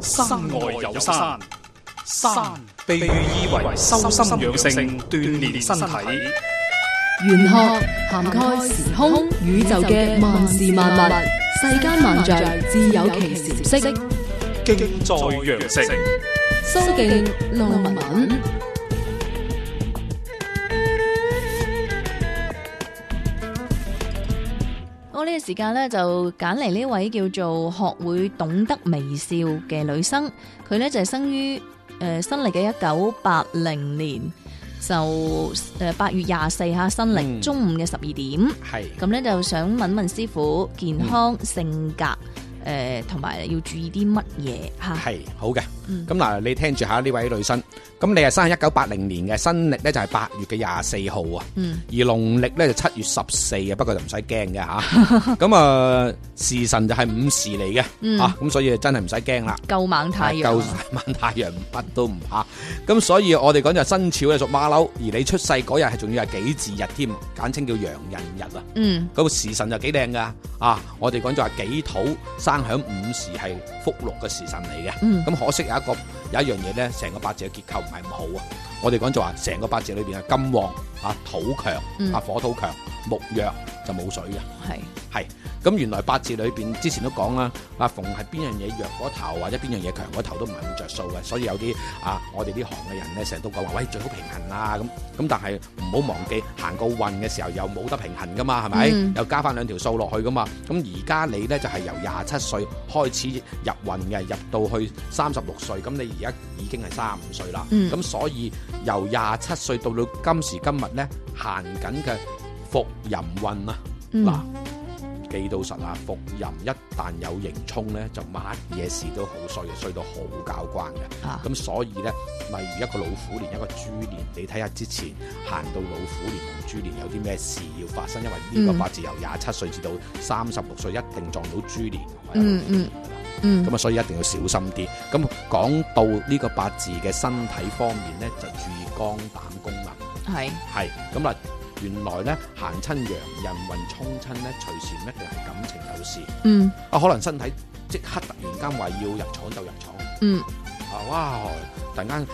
山外有山，山被寓意為修心養性、鍛煉身體。玄學涵蓋時空宇宙嘅萬事萬物、世間萬象，自有其時色。色經在羊城，蘇敬龍文。呢個時間咧就揀嚟呢位叫做學會懂得微笑嘅女生，佢呢就係、是、生於誒、呃、新曆嘅一九八零年，就誒八月廿四下新曆、嗯、中午嘅十二點，係咁咧就想問問師傅健康性格。嗯誒，同埋、呃、要注意啲乜嘢吓？係好嘅，咁嗱、嗯，你聽住下呢位女生，咁你係生喺一九八零年嘅，新曆咧就係、是、八月嘅廿四號啊，嗯、而農曆咧就七月十四啊。不過就唔使驚嘅吓。咁啊、 呃，時辰就係午時嚟嘅，嗯、啊，咁所以真係唔使驚啦。夠猛太陽，夠猛太陽，乜都唔怕。 咁、嗯、所以我哋講就係生肖係屬馬騮，而你出世嗰日係仲要係己字日添，簡稱叫羊人日啊。嗯，嗰個時辰就幾靚噶，啊，我哋講就話己土生響午時係福祿嘅時辰嚟嘅。嗯，咁可惜有一個有一樣嘢咧，成個八字嘅結構唔係咁好啊。我哋講就話成個八字裏邊係金旺啊土強、嗯、啊火土強木弱就冇水嘅。係係、嗯。是咁原來八字裏邊之前都講啦，阿逢係邊樣嘢弱嗰頭，或者邊樣嘢強嗰頭都唔係咁著數嘅，所以有啲啊，我哋呢行嘅人呢，成日都講話，「喂，最好平衡啦！」咁。咁但係唔好忘記行個運嘅時候又冇得平衡㗎嘛，係咪？嗯、又加返兩條數落去㗎嘛。咁而家你呢，就係、是、由廿七歲開始入運嘅，入到去三十六歲，咁你而家已經係三十五歲啦。咁、嗯、所以由廿七歲到到今時今日呢，行緊嘅伏吟運啊，嗱、嗯。記到實啊！伏吟一旦有刑衝咧，就乜嘢事都好衰嘅，衰到好交關嘅。咁、啊、所以咧，例如一個老虎年、一個豬年，你睇下之前行到老虎年同豬年有啲咩事要發生，因為呢個八字由廿七歲至到三十六歲一定撞到豬年，嗯嗯嗯。咁啊，所以一定要小心啲。咁講到呢個八字嘅身體方面咧，就注意肝膽功能。係係咁啊！是原來咧行親羊人運沖親咧，隨時一定係感情有事。嗯，啊可能身體即刻突然間話要入廠就入廠。嗯，啊哇，突然間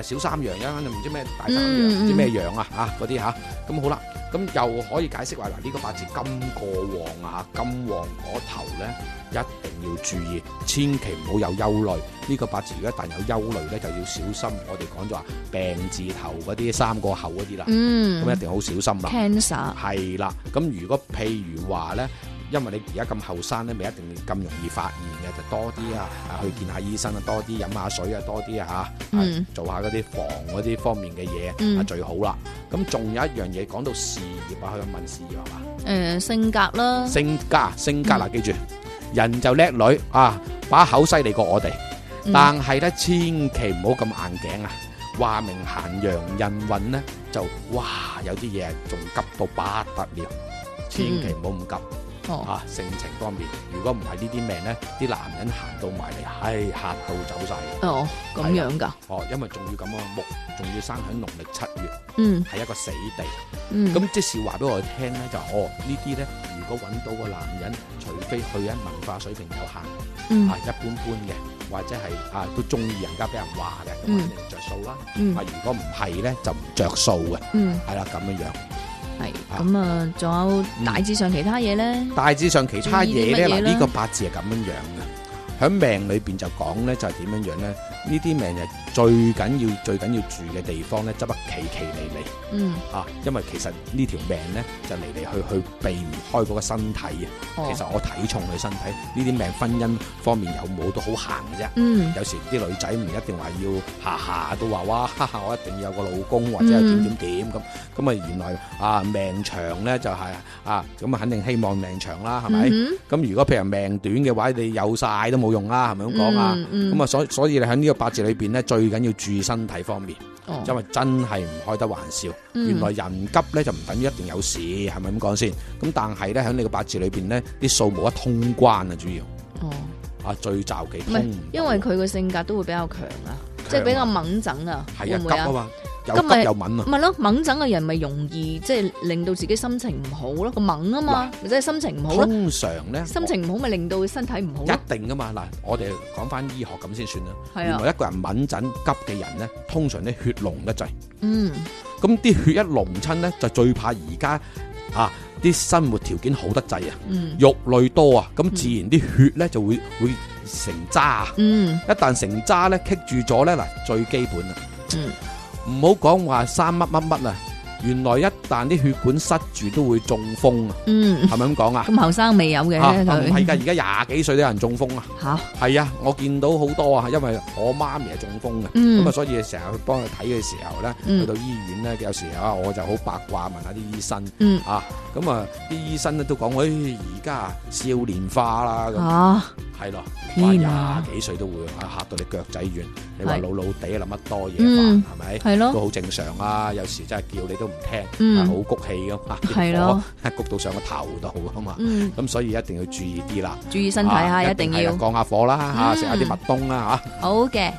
誒誒小三陽，一陣間就唔知咩大三陽，唔、嗯嗯、知咩陽啊嚇嗰啲吓，咁、啊、好啦。咁、嗯、又可以解釋話嗱，呢個八字金過旺啊，金旺嗰頭咧一定要注意，千祈唔好有憂慮。呢、呢個八字如果一旦有憂慮呢，就要小心。我哋講咗話病字頭嗰啲、三個口嗰啲啦，咁、嗯、一定好小心啦。Cancer 係啦，咁如果譬如話呢。因為你而家咁後生咧，未一定咁容易發現嘅，就多啲啊，去見下醫生啊，多啲飲下水啊，多啲嚇，做下嗰啲防嗰啲方面嘅嘢啊，最好啦。咁仲有一樣嘢講到事業啊，去問事業係嘛？誒，性格啦。性格性格啦，記住人就叻女啊，把口犀利過我哋，但係咧千祈唔好咁硬頸啊。話明行洋人運咧，就哇有啲嘢仲急到不得了，千祈唔好咁急。吓、啊、性情方面，如果唔係呢啲命咧，啲男人行到埋嚟，係嚇到走晒。哦，咁樣噶。哦、嗯，嗯、因為仲要咁啊，木仲要生喺農曆七月，嗯，係一個死地。嗯，咁即是話俾我哋聽咧，就是、哦呢啲咧，如果揾到個男人，除非佢喺文化水平有限，嗯，啊一般般嘅，或者係啊都中意人家俾人話嘅，咁、嗯、肯定着數啦。嗯，啊如果唔係咧，就唔着數嘅。嗯，係啦咁樣樣。係咁啊，仲有大致上其他嘢咧、嗯？大致上其他嘢咧，嗱呢個八字係咁樣樣嘅。響命裏邊就講咧，就係、是、點樣樣咧？呢啲命就最緊要、最緊要住嘅地方咧，執得企企離離。嗯。啊，因為其實呢條命咧就嚟嚟去去，避唔開個身體啊。哦、其實我睇重你身體呢啲命，婚姻方面有冇都好行啫。嗯。有時啲女仔唔一定話要下下都話哇，哈哈，我一定要有個老公或者點點點咁。咁、嗯、啊，原來啊命長咧就係啊咁啊，肯定希望命長啦，係咪？嗯。咁如果譬如命短嘅話，你有曬都冇。用啦，係咪咁講啊？咁、嗯、啊，所所以你喺呢個八字裏邊咧，最緊要注意身體方面，哦、因為真係唔開得開玩笑。嗯、原來人急咧就唔等於一定有事，係咪咁講先？咁但係咧喺你個八字裏邊咧，啲數冇一通關、哦、啊，主要哦啊，最忌通唔，因為佢個性格都會比較強啊。即係比較敏感的啊，會唔會啊？急啊嘛，又急又敏啊。唔係咯，敏感嘅人咪容易即係、就是、令到自己心情唔好咯。個敏啊嘛，嘆即係心情唔好。通常咧，心情唔好咪我令到身體唔好。一定噶嘛，嗱，我哋講翻醫學咁先算啦。係啊、嗯。如一個人敏感急嘅人咧，通常咧血濃得滯。嗯。咁啲血一濃親咧，就最怕而家啊啲生活條件好得滯啊，嗯、肉類多啊，咁自然啲血咧就會會。成渣，嗯，一旦成渣咧，棘住咗咧，嗱，最基本啊，嗯，唔好講話生乜乜乜啊，原來一旦啲血管塞住都會中風啊，嗯，係咪咁講啊？咁後生未有嘅，唔係噶，而家廿幾歲都有人中風啊，吓，係啊，我見到好多啊，因為我媽咪係中風嘅，咁啊，所以成日去幫佢睇嘅時候咧，去到醫院咧，有時候啊，我就好八卦問下啲醫生，啊，咁啊，啲醫生咧都講，誒，而家少年化啦，哦，係咯。話廿幾歲都會嚇到你腳仔軟，你話老老地諗乜多嘢，係咪？係咯，都好正常啊！有時真係叫你都唔聽，好谷氣㗎嘛，谷到上個頭度㗎嘛，咁所以一定要注意啲啦，注意身體啊，一定要降下火啦，食下啲麥冬啦，吓。好嘅。